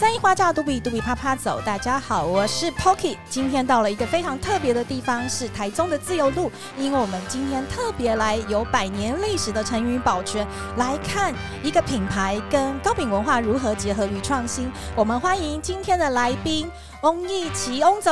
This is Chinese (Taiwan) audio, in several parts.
三一花架度比度比趴趴走，大家好，我是 Poki，今天到了一個非常特別的地方，是台中的自由路，因為我們今天特別來有百年歷史的陳允寶泉來看一個品牌跟糕餅文化如何結合與創新。我們歡迎今天的來賓翁羿琦翁總。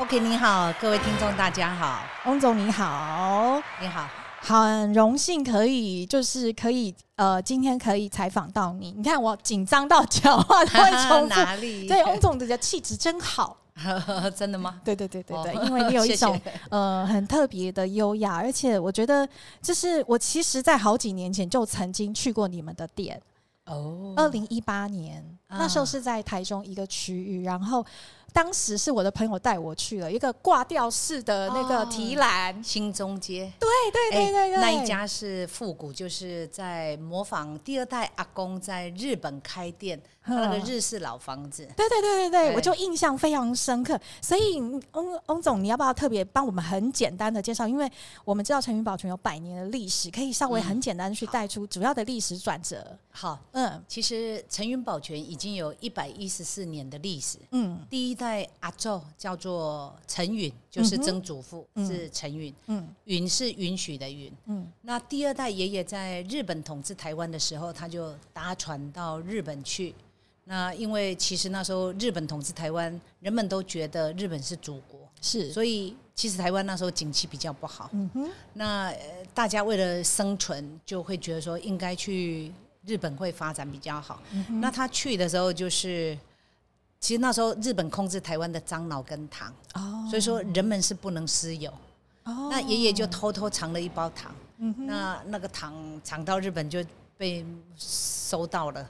OK，你好，各位聽眾大家好，翁總你好，你好。很榮幸可以，就是可以，呃，今天可以採訪到你。你看我緊張到腳腕，都從、啊、哪裡？對翁總的氣質真好呵呵，真的嗎？對對對對對，哦、因為你有一種呃很特別的優雅謝謝，而且我覺得就是我其實在好幾年前就曾經去過你們的店哦，二零一八年、嗯、那時候是在台中一個區域，然後。當時是我的朋友帶我去了一個掛吊式的那個提籃、哦，新中街。對對對、欸、對對，對，那一家是復古，就是在模仿第二代阿公在日本開店他的、嗯、日式老房子。對對對對對，我就印象非常深刻。所以翁翁總，你要不要特別幫我們很簡單的介紹？因為我們知道陳允寶泉有百年的歷史，可以稍微很簡單去帶出主要的歷史轉折。嗯、好，嗯，其實陳允寶泉已經有一百一十四年的歷史。嗯，第一。代阿晝叫做陳允，就是曾祖父、嗯、是陳允，嗯，允是允許的允，嗯。那第二代爺爺在日本統治台灣的時候，他就搭船到日本去。那因為其實那時候日本統治台灣，人們都覺得日本是祖國，是，所以其實台灣那時候景氣比較不好、嗯，那大家為了生存，就會覺得說應該去日本會發展比較好。嗯、那他去的時候就是。其實那時候日本控制台灣的樟腦跟糖，oh. 所以說人們是不能私有。Oh. 那爺爺就偷偷藏了一包糖，mm -hmm. 那那個糖藏到日本就被收到了，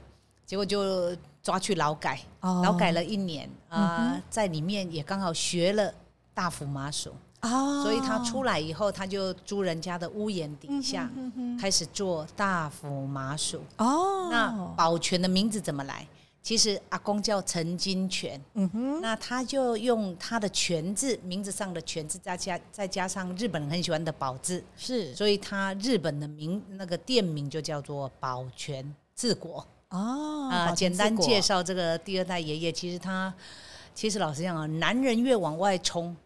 結果就抓去勞改，勞、oh. 改了一年啊、mm -hmm. 呃，在裡面也剛好學了大福麻薯，oh. 所以他出來以後他就租人家的屋檐底下、mm -hmm. 開始做大福麻薯。Oh. 那寶泉的名字怎麼來？其實阿公叫陳金泉，嗯哼，那他就用他的“泉”字，名字上的“泉”字，再加再加上日本人很喜歡的“寶”字，是，所以他日本的名那個店名就叫做“寶泉治國”。哦，啊、呃，簡單介紹這個第二代爺爺，其實他，其實老實講啊，男人越往外衝。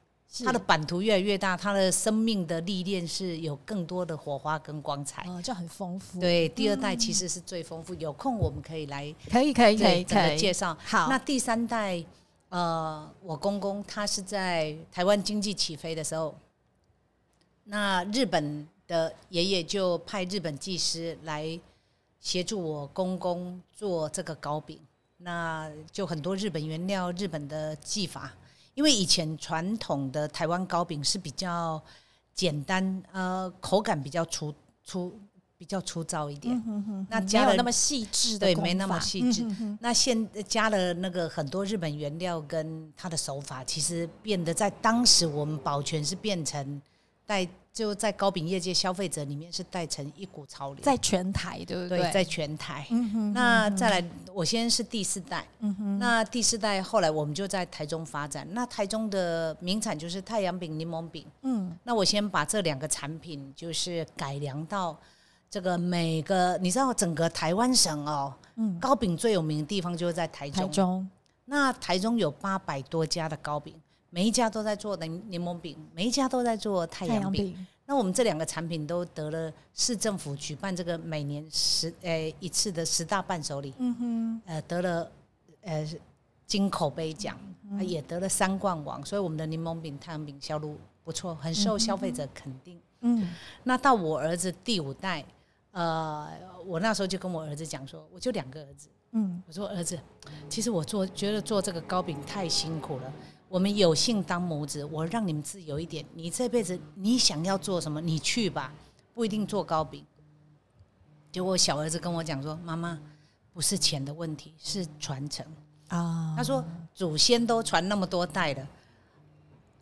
它的版圖越來越大，他的生命的歷練是有更多的火花跟光彩，啊、哦，就很豐富。對，第二代其實是最豐富。有空我們可以來，可以可以可以介紹。好，那第三代，呃，我公公他是在台灣經濟起飛的時候，那日本的爺爺就派日本技師來協助我公公做這個糕餅，那就很多日本原料、日本的技法。因為以前傳統的台灣糕餅是比較簡單，呃，口感比較粗粗，比較粗糙一點。嗯、哼哼，那加了沒有那麼細緻的對，沒那麼細緻。嗯、哼哼，那現在加了那個很多日本原料跟它的手法，其實變得在當時我們寶泉是變成帶。就在糕餅業界消費者裡面是帶成一股潮流，在全台對不對？對，在全台。嗯哼嗯哼，那再來，我先是第四代，嗯哼，那第四代後來我們就在台中發展。那台中的名產就是太陽餅、檸檬餅。嗯，那我先把這兩個產品就是改良到這個每個，你知道整個台灣省哦，嗯，糕餅最有名的地方就是在台中，台中。那台中有八百多家的糕餅。每一家都在做檸檸檬餅，每一家都在做太陽餅。那我們這兩個產品都得了市政府舉辦這個每年十，呃、一次的十大伴手禮，嗯哼，呃得了呃金口碑獎，嗯嗯，也得了三冠王。所以我們的檸檬餅、太陽餅銷路不錯，很受消費者肯定。嗯，那到我兒子第五代，呃，我那時候就跟我兒子講說，我就兩個兒子，嗯，我說兒子，其實我做覺得做這個糕餅太辛苦了。我們有幸當母子，我讓你們自由一點。你這輩子你想要做什麼，你去吧，不一定做糕餅。結果小兒子跟我講說：“媽媽，不是錢的問題，是傳承啊。Oh. ”他說：“祖先都傳那麼多代了，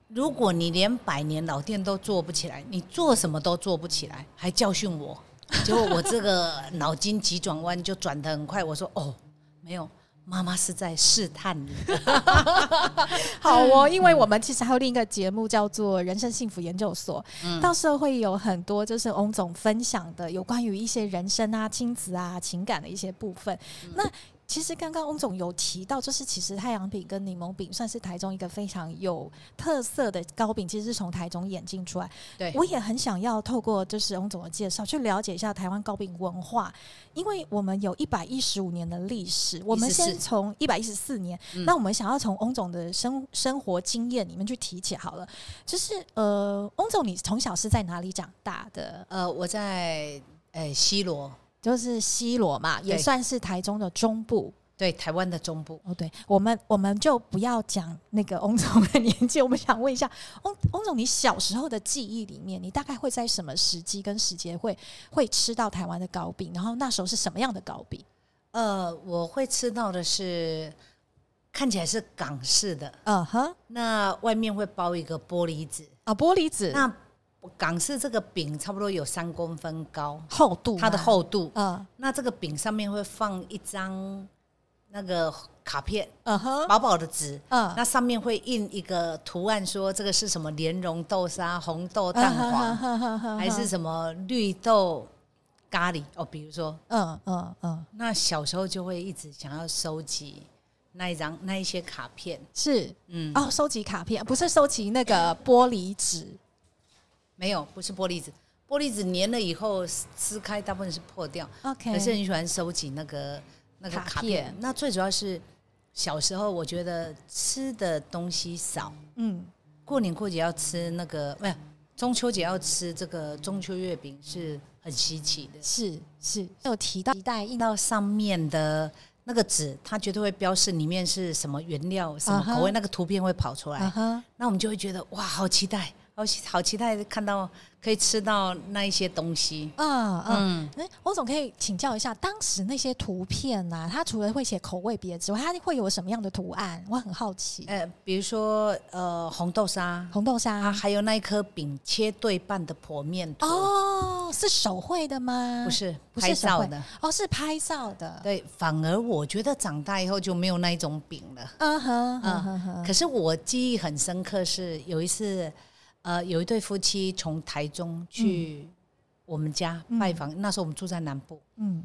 如果你連百年老店都做不起來，你做什麼都做不起來。”還教訓我。結果我這個腦筋急轉彎就轉得很快，我說：“哦，沒有。”媽媽是在試探你， 好哦，嗯，因為我們其實還有另一個節目叫做《人生幸福研究所》，嗯，到時候會有很多就是翁總分享的有關於一些人生啊、親子啊、情感的一些部分。嗯，那。其實剛剛翁總有提到，就是其實太陽餅跟檸檬餅算是台中一個非常有特色的糕餅，其實是從台中演進出來。對，我也很想要透過就是翁總的介紹，去了解一下台灣糕餅文化，因為我們有一百一十五年的歷史。我們先從一百一十四年，那我們想要從翁總的生生活經驗裡面去提起好了。就是呃，翁總，你從小是在哪裡長大的？呃，我在誒、欸、西螺。就是西螺嘛，也算是台中的中部，對，對台灣的中部。哦，對，我們我們就不要講那個翁總的年紀。我們想問一下翁翁總，你小時候的記憶裡面，你大概會在什麼時機跟時間會會吃到台灣的糕餅？然後那時候是什麼樣的糕餅？呃，我會吃到的是看起來是港式的，嗯哼，那外面會包一個玻璃紙啊，玻璃紙那。港式這個餅差不多有三公分高，厚度，它的厚度，嗯、uh,，那這個餅上面會放一張那個卡片，uh -huh, 薄薄的紙，嗯、uh -huh.，那上面會印一個圖案，說這個是什麼蓮蓉豆沙、紅豆蛋黃，還是什麼綠豆咖喱？哦，比如說，嗯嗯嗯，那小時候就會一直想要收集那一張那一些卡片，是，嗯，哦，收集卡片不是收集那個玻璃紙。沒有，不是玻璃紙，玻璃紙粘了以後撕開，大部分是破掉。OK。可是你喜歡收集那個那個卡片、卡片？那最主要是小時候，我覺得吃的東西少。嗯。過年過節要吃那個，沒有中秋節要吃這個中秋月餅是很稀奇、奇的。是是。有提到一袋印到上面的那個紙，它絕對會標示裡面是什麼原料、什麼口味，uh -huh, 那個圖片會跑出來。Uh -huh、那我們就會覺得哇，好期待。好，好期待看到可以吃到那一些東西。嗯嗯，哎、嗯，翁總可以請教一下，當時那些圖片吶、啊，它除了會寫口味別之外，它會有什麼樣的圖案？我很好奇。呃，比如說呃，紅豆沙，紅豆沙，啊、還有那一顆餅切對半的剖面圖。哦，是手繪的嗎？不是，拍照的，哦，是拍照的。對，反而我覺得長大以後就沒有那一種餅了。嗯哼，嗯哼哼。可是我記憶很深刻，是有一次。呃，有一對夫妻從台中去、嗯、我們家拜訪、嗯，那時候我們住在南部。嗯，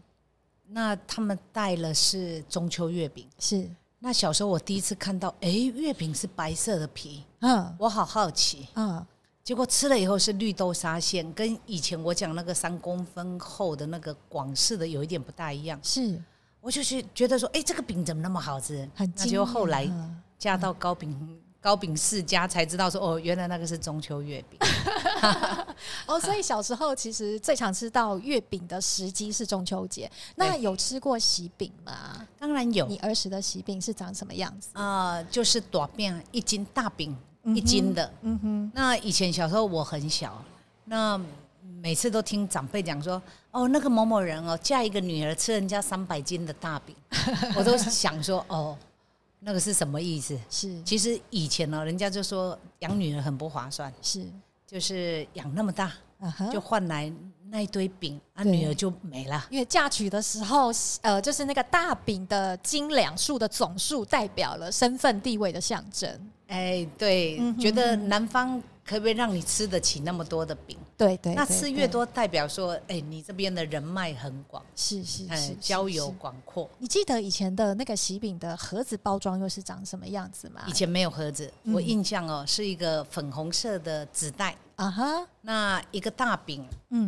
那他們帶了是中秋月餅。是。那小時候我第一次看到，哎、欸，月餅是白色的皮。嗯、啊。我好好奇。嗯、啊。結果吃了以後是綠豆沙餡，跟以前我講那個三公分厚的那個廣式的有一點不大一樣。是。我就是覺得說，哎、欸，這個餅怎麼那麼好吃？很啊、那就後來嫁到糕餅。嗯嗯糕餅世家才知道說哦，原來那個是中秋月餅。 哦，所以小時候其實最常吃到月餅的時機是中秋節。那有吃過喜餅嗎？當然有。你兒時的喜餅是長什麼樣子？啊、呃，就是多變一斤大餅，一斤的嗯。嗯哼。那以前小時候我很小，那每次都聽長輩講說，哦，那個某某人哦，嫁一個女兒吃人家三百斤的大餅， 我都想說哦。那個是什麼意思？是，其實以前呢，人家就說養女兒很不划算。是，就是養那麼大，uh -huh. 就換來那一堆餅，啊，女兒就沒了。因為嫁娶的時候，呃，就是那個大餅的斤兩數的總數，代表了身份地位的象徵。哎、欸，對，嗯、哼哼，覺得男方。可不可以讓你吃得起那麼多的餅？對對，對，那吃越多代表說，哎、欸，你這邊的人脈很廣，是是是，是，交友廣闊。你記得以前的那個喜餅的盒子包裝又是長什麼樣子嗎？以前沒有盒子，嗯、我印象哦、喔，是一個粉紅色的紙袋啊哈、uh -huh，那一個大餅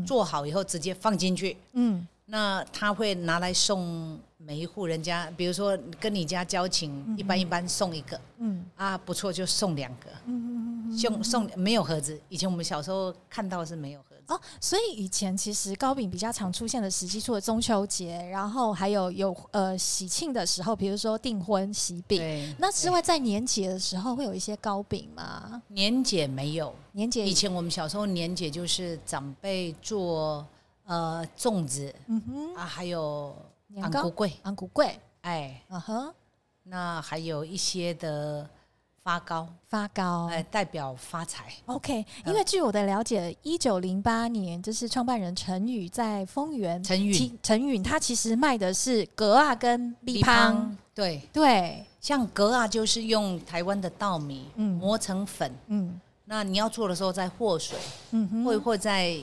做好以後直接放進去，嗯，那他會拿來送。每一戶人家，比如說跟你家交情、嗯、一般一般，送一個，嗯啊不錯就送兩個，嗯哼嗯哼嗯哼，送送沒有盒子，以前我們小時候看到是沒有盒子哦，所以以前其實糕餅比較常出現的時期，除了中秋節，然後還有有呃喜慶的時候，比如說訂婚喜餅，對，那之外在年節的時候會有一些糕餅嗎？年節沒有，年節以前我們小時候年節就是長輩做呃粽子，嗯哼啊還有。年糕貴，年糕貴，嗯，哎，嗯哼，那還有一些的發糕，發糕，哎，代表發財。OK，、嗯、因為據我的了解，一九零八年就是創辦人陳允在豐原，陳允，陳允，他其實賣的是糕仔跟米香。對對，像糕仔就是用台灣的稻米，磨成粉，嗯，那你要做的時候再和水，嗯哼，會會再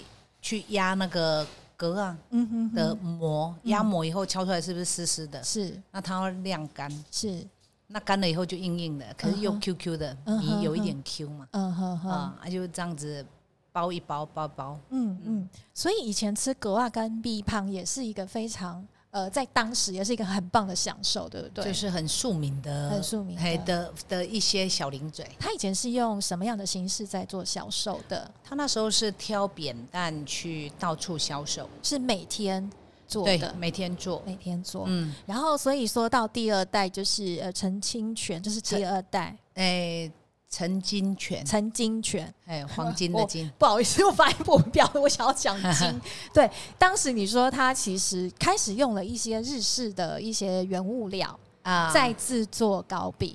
去壓那個。糕仔，嗯哼,哼，的模壓膜以後敲出來是不是濕濕的、嗯？是，那它要晾乾，是，那乾了以後就硬硬的，可是又 Q Q 的，你有一點 Q 嘛？嗯哼,哼,嗯嗯哼,哼啊，就這樣子包一包包一包，嗯嗯，所以以前吃糕仔干米香也是一個非常。呃，在當時也是一個很棒的享受，對不對？就是很庶民的，很庶民的的、的一些小零嘴。他以前是用什麼樣的形式在做銷售的？他那時候是挑扁擔去到處銷售，是每天做的？對，每天做，每天做。嗯，然後所以說到第二代，就是呃陳金泉，就是第二代，哎。欸陳金泉，陳金泉，哎、欸，黃金的金，不好意思，我發音不標準，我想要講金。 對，當時你說他其實開始用了一些日式的一些原物料啊，在制作糕餅，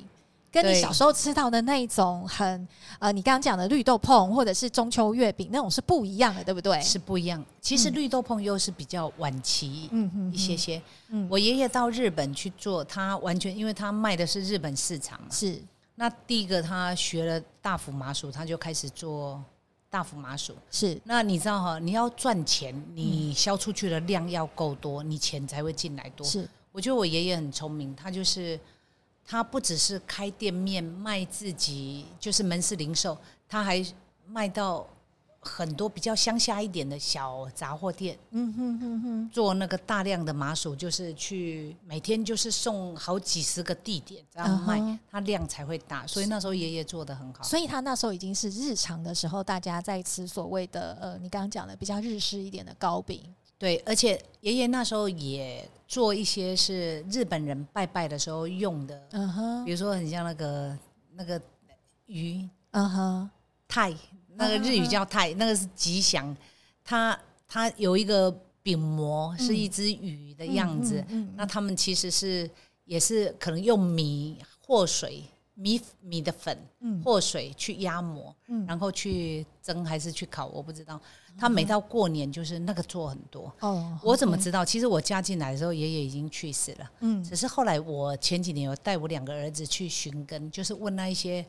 跟你小時候吃到的那種很，呃，你剛剛講的綠豆椪或者是中秋月餅那種是不一樣的，對不對？是不一樣。其實綠豆椪又是比較晚期，嗯，一些些。嗯，嗯嗯我爺爺到日本去做，他完全因為他賣的是日本市場，是。那第一個，他學了大福麻薯，他就開始做大福麻薯。是，那你知道哈，你要賺錢，你銷出去的量要夠多，你錢才會進來多。是，我覺得我爺爺很聰明，他就是他不只是開店面賣自己，就是門市零售，他還賣到。很多比較鄉下一點的小雜貨店，嗯哼嗯哼，做那個大量的麻糬，就是去每天就是送好幾十個地點這樣賣，uh -huh. 它量才會大，所以那時候爺爺做的很好。所以他那時候已經是日常的時候，大家在吃所謂的呃，你剛剛講的比較日式一點的糕餅。對，而且爺爺那時候也做一些是日本人拜拜的時候用的，嗯哼，比如說很像那個那個魚，嗯哼，泰。那個日語叫泰，那個是吉祥。他他有一個餅模，是一隻魚的樣子。嗯嗯嗯嗯、那他們其實是也是可能用米和水米米的粉，和、嗯、水去壓模、嗯，然後去蒸還是去烤，我不知道。他每到過年就是那個做很多。哦、嗯，我怎麼知道？其實我嫁進來的時候，爺爺已經去世了。嗯，只是後來我前幾年有帶我兩個兒子去尋根，就是問那一些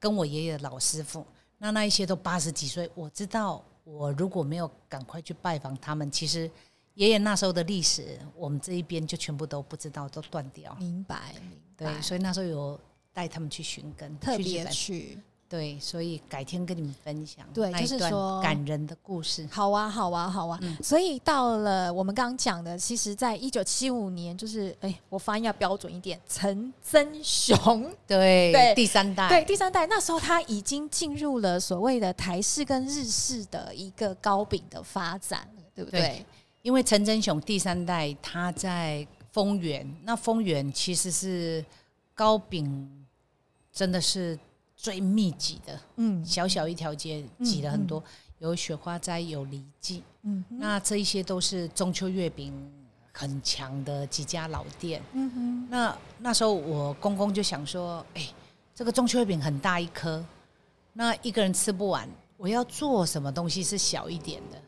跟我爺爺的老師傅。那那一些都八十幾歲，我知道，我如果沒有趕快去拜訪他們，其實爺爺那時候的歷史，我們這一邊就全部都不知道，都斷掉。明白，對，明白。所以那時候有帶他們去尋根，特別去。對，所以改天跟你們分享，對，就是說感人的故事。好啊，好啊，好啊。嗯，所以到了我們剛講的，其實在一九七五年，就是哎，我發音要標準一點，陳增雄，對，對，第三代，對，第三代。那時候他已經進入了所謂的台式跟日式的一個糕餅的發展，對不對？對，因為陳增雄第三代，他在豐原，那豐原其實是糕餅，真的是。最密集的，嗯，小小一條街擠了很多，嗯嗯、有雪花齋，有犁記，嗯，那這一些都是中秋月餅很強的幾家老店，嗯哼。那那時候我公公就想說，哎、欸，這個中秋月餅很大一顆，那一個人吃不完，我要做什麼東西是小一點的？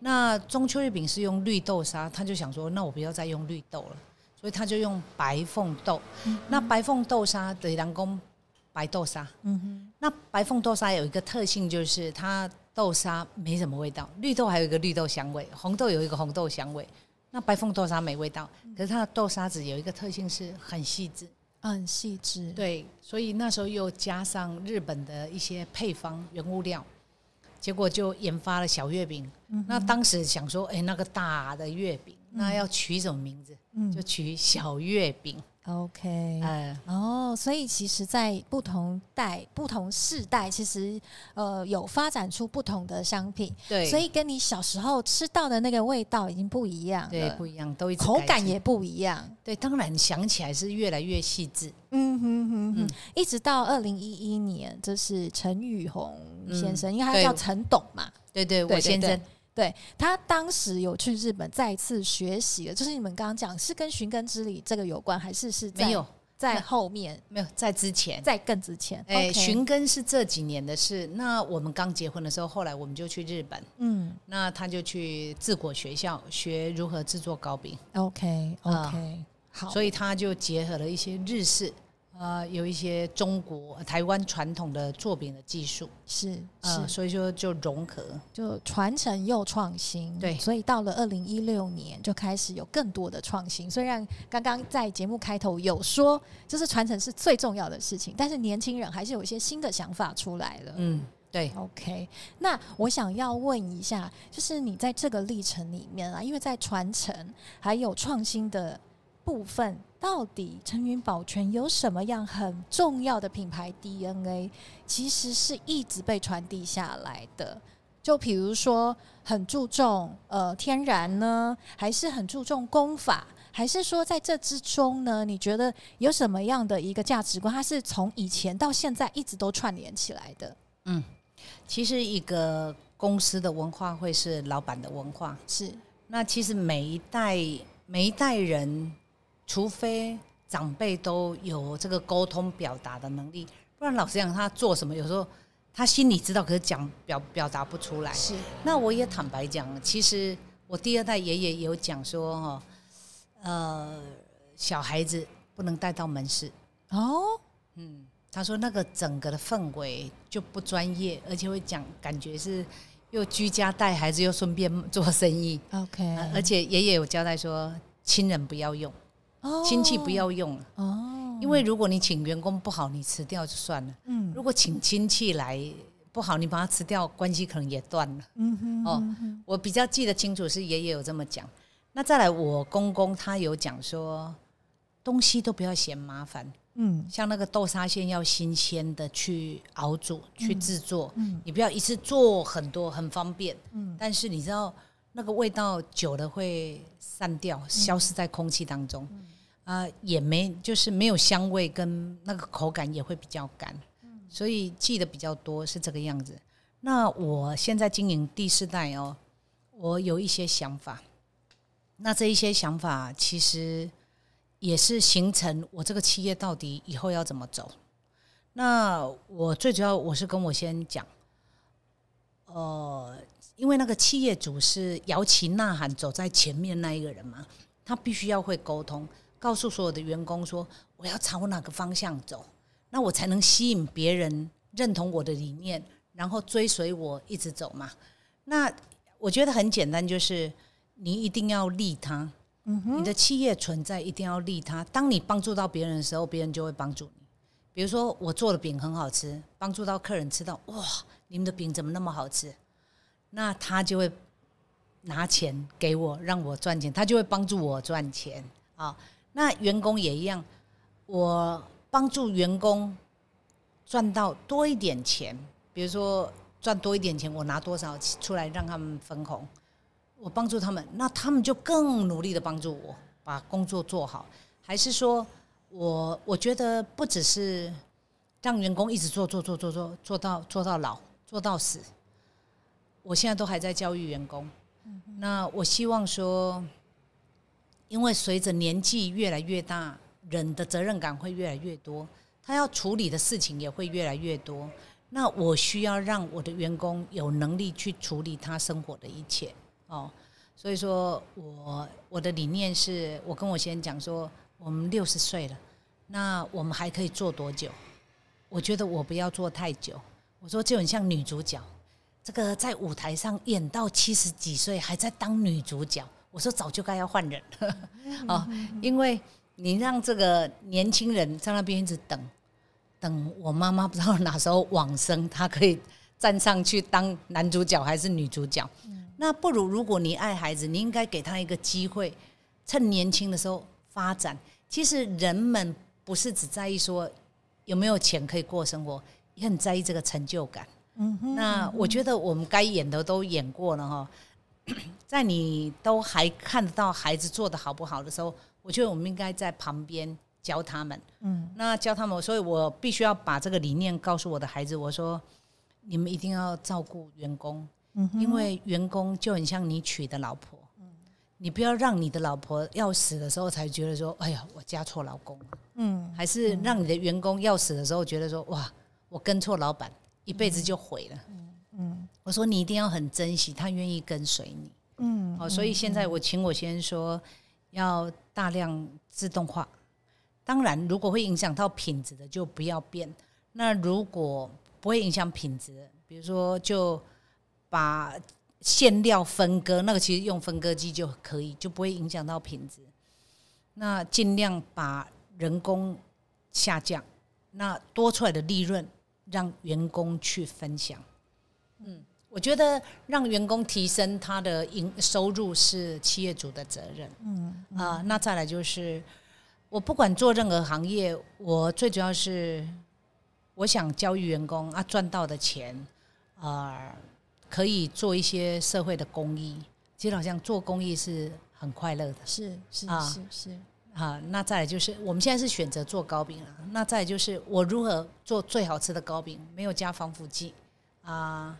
那中秋月餅是用綠豆沙，他就想說，那我不要再用綠豆了，所以他就用白鳳豆、嗯。那白鳳豆沙的、就是、人工。白豆沙，嗯哼，那白鳳豆沙有一個特性，就是它豆沙沒什麼味道。綠豆還有一個綠豆香味，紅豆有一個紅豆香味。那白鳳豆沙沒味道，可是它的豆沙子有一個特性是很細緻、啊，很細緻。對，所以那時候又加上日本的一些配方原物料，結果就研發了小月餅、嗯。那當時想說，哎、欸，那個大的月餅，那要取什麼名字？嗯，就取小月餅。OK，、呃、哦，所以其實，在不同代、不同世代，其實呃，有發展出不同的商品，對，所以跟你小時候吃到的那個味道已經不一樣，對，不一樣，都一口感也不一樣，對，當然想起來是越來越細緻，嗯嗯嗯嗯，一直到二零一一年，這、就是陳宇紅先生、嗯，因為他叫陳董嘛，對對，對，對，我先生。對對對。對，他當時有去日本再次學習了。就是你們剛剛講是跟尋根之旅這個有關，還是是在沒有在後面？沒有在之前，在更之前。哎，尋根是這幾年的事。那我們剛結婚的時候，後來我們就去日本。嗯，那他就去自國學校學如何制作糕餅。OK OK，好、嗯，okay, 所以他就結合了一些日式。呃，有一些中國、台灣傳統的作品的技術是，是呃，所以說就融合，就傳承又創新。對，所以到了二零一六年就開始有更多的創新。雖然剛剛在節目開頭有說，就是傳承是最重要的事情，但是年輕人還是有一些新的想法出來了。嗯，對，OK。那我想要問一下，就是你在這個歷程裡面啊，因為在傳承還有創新的部分。到底陳允寶泉有什麼樣很重要的品牌 DNA？其實是一直被傳遞下來的。就比如說，很注重呃天然呢，還是很注重工法，還是說在這之中呢？你覺得有什麼樣的一個價值觀？它是從以前到現在一直都串聯起來的。嗯，其實一個公司的文化會是老板的文化，是，那其實每一代每一代人。除非長輩都有這個溝通表達的能力，不然老實講，他做什麼，有時候他心裡知道，可是講表表達不出來。是，那我也坦白講，其實我第二代爺爺有講說，哦。呃，小孩子不能帶到門市。哦，嗯，他說那個整個的氛圍就不專業，而且會講感覺是又居家帶孩子又順便做生意。OK，而且爺爺有交代說，親人不要用。親戚不要用了，哦，因為如果你請員工不好，你辭掉就算了。嗯，如果請親戚來不好，你把他辭掉，關係可能也斷了。嗯哼，哦，嗯、我比較記得清楚是爺爺有這麼講。那再來，我公公他有講說，東西都不要嫌麻煩。嗯，像那個豆沙餡要新鮮的去熬煮、嗯、去製作、嗯，你不要一次做很多，很方便。嗯、但是你知道那個味道久了會散掉、嗯、消失在空氣當中。嗯啊、呃，也沒就是沒有香味，跟那個口感也會比較乾、嗯，所以記得比較多是這個樣子。那我現在經營第四代哦，我有一些想法。那這一些想法其實也是形成我這個企業到底以後要怎麼走。那我最主要我是跟我先講，呃，因為那個企業主是搖旗吶喊走在前面那一個人嘛，他必須要會溝通。告訴所有的員工說：“我要朝哪個方向走，那我才能吸引別人認同我的理念，然後追隨我一直走嘛？”那我覺得很簡單，就是你一定要利他。嗯哼，你的企業存在一定要利他。當你幫助到別人的時候，別人就會幫助你。比如說，我做的餅很好吃，幫助到客人吃到哇，你們的餅怎麼那麼好吃？那他就會拿錢給我，讓我賺錢，他就會幫助我賺錢啊。那員工也一樣，我幫助員工賺到多一點錢，比如說賺多一點錢，我拿多少出來讓他們分紅，我幫助他們，那他們就更努力的幫助我把工作做好，還是說我我覺得不只是讓員工一直做做做做做做做到做到做到老做到死，我現在都還在教育員工，那我希望說，因為隨着年紀越來越大，人的責任感會越來越多，他要處理的事情也會越來越多。那我需要讓我的員工有能力去處理他生活的一切哦。所以說我，我我的理念是，我跟我先生講說，我們六十歲了，那我們還可以做多久？我覺得我不要做太久。我說，就很像女主角，這個在舞台上演到七十幾歲還在當女主角。我說早就該要換人了。嗯，哦、嗯，因為你讓這個年輕人在那邊一直等，等我媽媽不知道哪時候往生，她可以站上去當男主角還是女主角？嗯、那不如，如果你愛孩子，你應該給他一個機會，趁年輕的時候發展。其實人們不是只在意說有沒有錢可以過生活，也很在意這個成就感。嗯哼嗯哼，那我覺得我們該演的都演過了哈。在你都還看得到孩子做得好不好的時候，我覺得我們應該在旁邊教他們。嗯，那教他們，所以我必須要把這個理念告訴我的孩子。我說，你們一定要照顧員工，嗯，因為員工就很像你娶的老婆，嗯，你不要讓你的老婆要死的時候才覺得說，哎呀，我嫁錯老公了，嗯，還是讓你的員工要死的時候覺得說，哇，我跟錯老闆，一輩子就毀了。嗯。我說，你一定要很珍惜，他願意跟隨你。嗯，好，哦，所以現在我請我先生說，要大量自動化。當然，如果會影響到品質的，就不要變。那如果不會影響品質，比如說就把餡料分割，那個其實用分割機就可以，就不會影響到品質。那盡量把人工下降，那多出來的利潤讓員工去分享。嗯。我覺得讓員工提升他的營收入是企業主的責任。嗯啊、嗯呃，那再來就是，我不管做任何行業，我最主要是我想教育員工啊，賺到的錢啊、呃、可以做一些社會的公益。其實好像做公益是很快樂的。是是是是啊、呃。那再來就是、是，我們現在是選擇做糕餅了。那再來就是，我如何做最好吃的糕餅？沒有加防腐劑啊。呃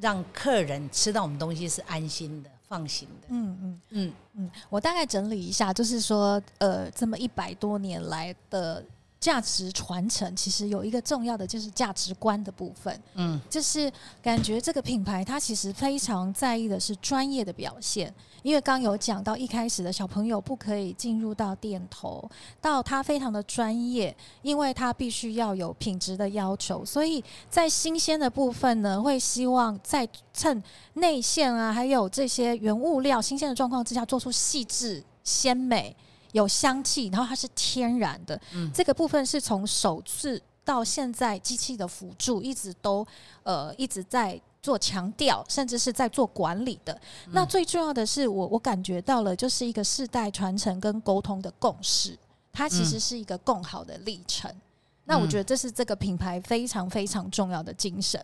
讓客人吃到我們東西是安心的、放心的。嗯嗯嗯嗯，我大概整理一下，就是說，呃，這麼一百多年來的價值傳承，其實有一個重要的就是價值觀的部分。嗯，就是感覺這個品牌它其實非常在意的是專業的表現。因為剛有講到，一開始的小朋友不可以進入到店頭，到他非常的專業，因為他必須要有品質的要求，所以在新鮮的部分呢，會希望在趁內餡啊，還有這些原物料新鮮的狀況之下，做出細緻、鮮美、有香氣，然後它是天然的。嗯，這個部分是從首次到現在機器的輔助，一直都呃一直在。做強調，甚至是在做管理的。嗯、那最重要的是，我我感覺到了，就是一個世代傳承跟溝通的共識。它其實是一個共好的歷程，嗯。那我覺得這是這個品牌非常非常重要的精神。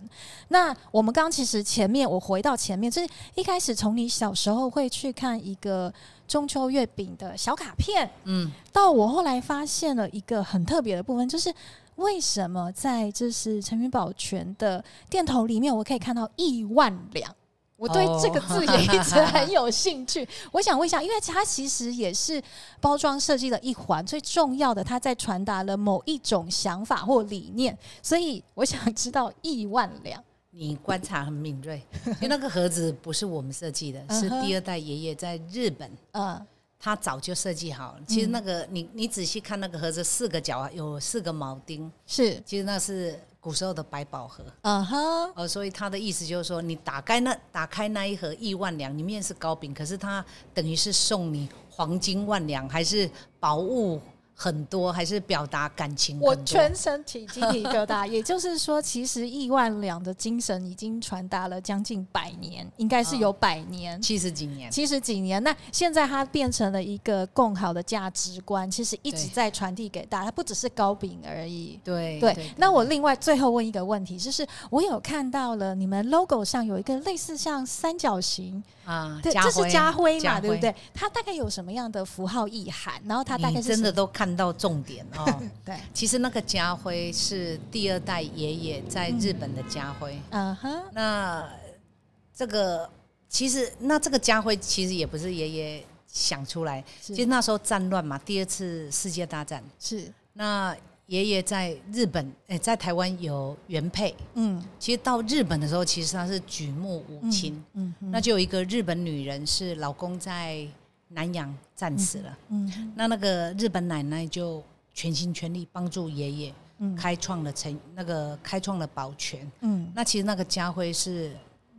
那我們剛剛其實前面，我回到前面，就是一開始從你小時候會去看一個中秋月餅的小卡片，嗯，到我後來發現了一個很特別的部分，就是。為什麼在這是陳允寶泉的店頭裡面，我可以看到“億萬兩”？我對這個字也一直很有興趣。我想問一下，因為它其實也是包裝設計的一環，最重要的，它在傳達了某一種想法或理念。所以我想知道“億萬兩”，你觀察很敏銳， 因為那個盒子不是我們設計的，是第二代爺爺在日本。嗯、uh-huh.。他早就設計好了。其實那個、嗯、你你仔細看那個盒子四個角啊，有四個鉚釘，是，其實那是古時候的百寶盒。嗯、uh、哼 -huh，哦，所以他的意思就是說，你打開那打開那一盒億萬兩裡面是糕餅，可是他等於是送你黃金萬兩還是寶物？很多還是表達感情，我全身體雞皮疙瘩。也就是說，其實億萬兩的精神已經傳達了將近百年，應該是有百年，嗯，七十幾年，七十幾年。那現在它變成了一個共好的價值觀，其實一直在傳遞給大家，它不只是糕餅而已。對對，對。那我另外最後問一個問題，就是我有看到了你們 logo 上有一個類似像三角形。啊家徽對，這是家徽嘛，對不對？他大概有什麼樣的符號意涵？然後他大概是真的都看到重點哦。 對，其實那個家徽是第二代爺爺在日本的家徽。嗯哼，那這個、嗯那這個、其實，那這個家徽其實也不是爺爺想出來。其實那時候戰亂嘛，第二次世界大戰是那。爺爺在日本，哎、欸，在台灣有原配，嗯，其實到日本的時候，其實他是舉目無親，嗯，嗯哼，那就有一個日本女人，是老公在南洋戰死了，嗯，嗯，那那個日本奶奶就全心全力幫助爺爺，嗯，開創了成那個開創了寶泉，嗯，那其實那個家徽是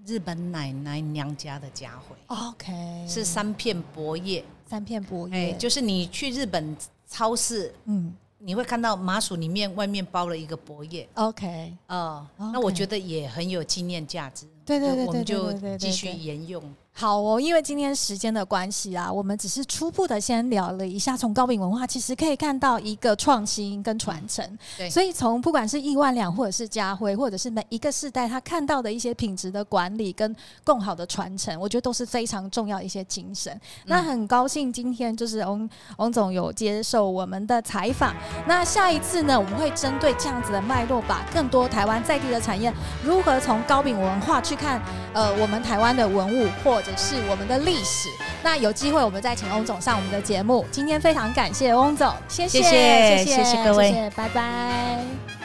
日本奶奶娘家的家徽，OK，是三片薄葉，三片薄葉，哎、欸，就是你去日本超市，嗯。你會看到麻薯裡面外面包了一個薄葉，OK，哦、呃，okay. 那我覺得也很有紀念價值，對對對對，我們就繼續沿用。好哦，因為今天時間的關係啊，我們只是初步的先聊了一下，從糕餅文化其實可以看到一個創新跟傳承。嗯、對，所以從不管是億萬兩，或者是家徽，或者是每一個世代他看到的一些品質的管理跟更好的傳承，我覺得都是非常重要一些精神。嗯、那很高興今天就是翁翁總有接受我們的採訪。那下一次呢，我們會針對這樣子的脈絡，把更多台灣在地的產業如何從糕餅文化去看，呃，我們台灣的文物或或者是我們的歷史，那有機會我們再請翁總上我們的節目。今天非常感謝翁總，謝謝謝謝謝謝各位，拜拜。謝謝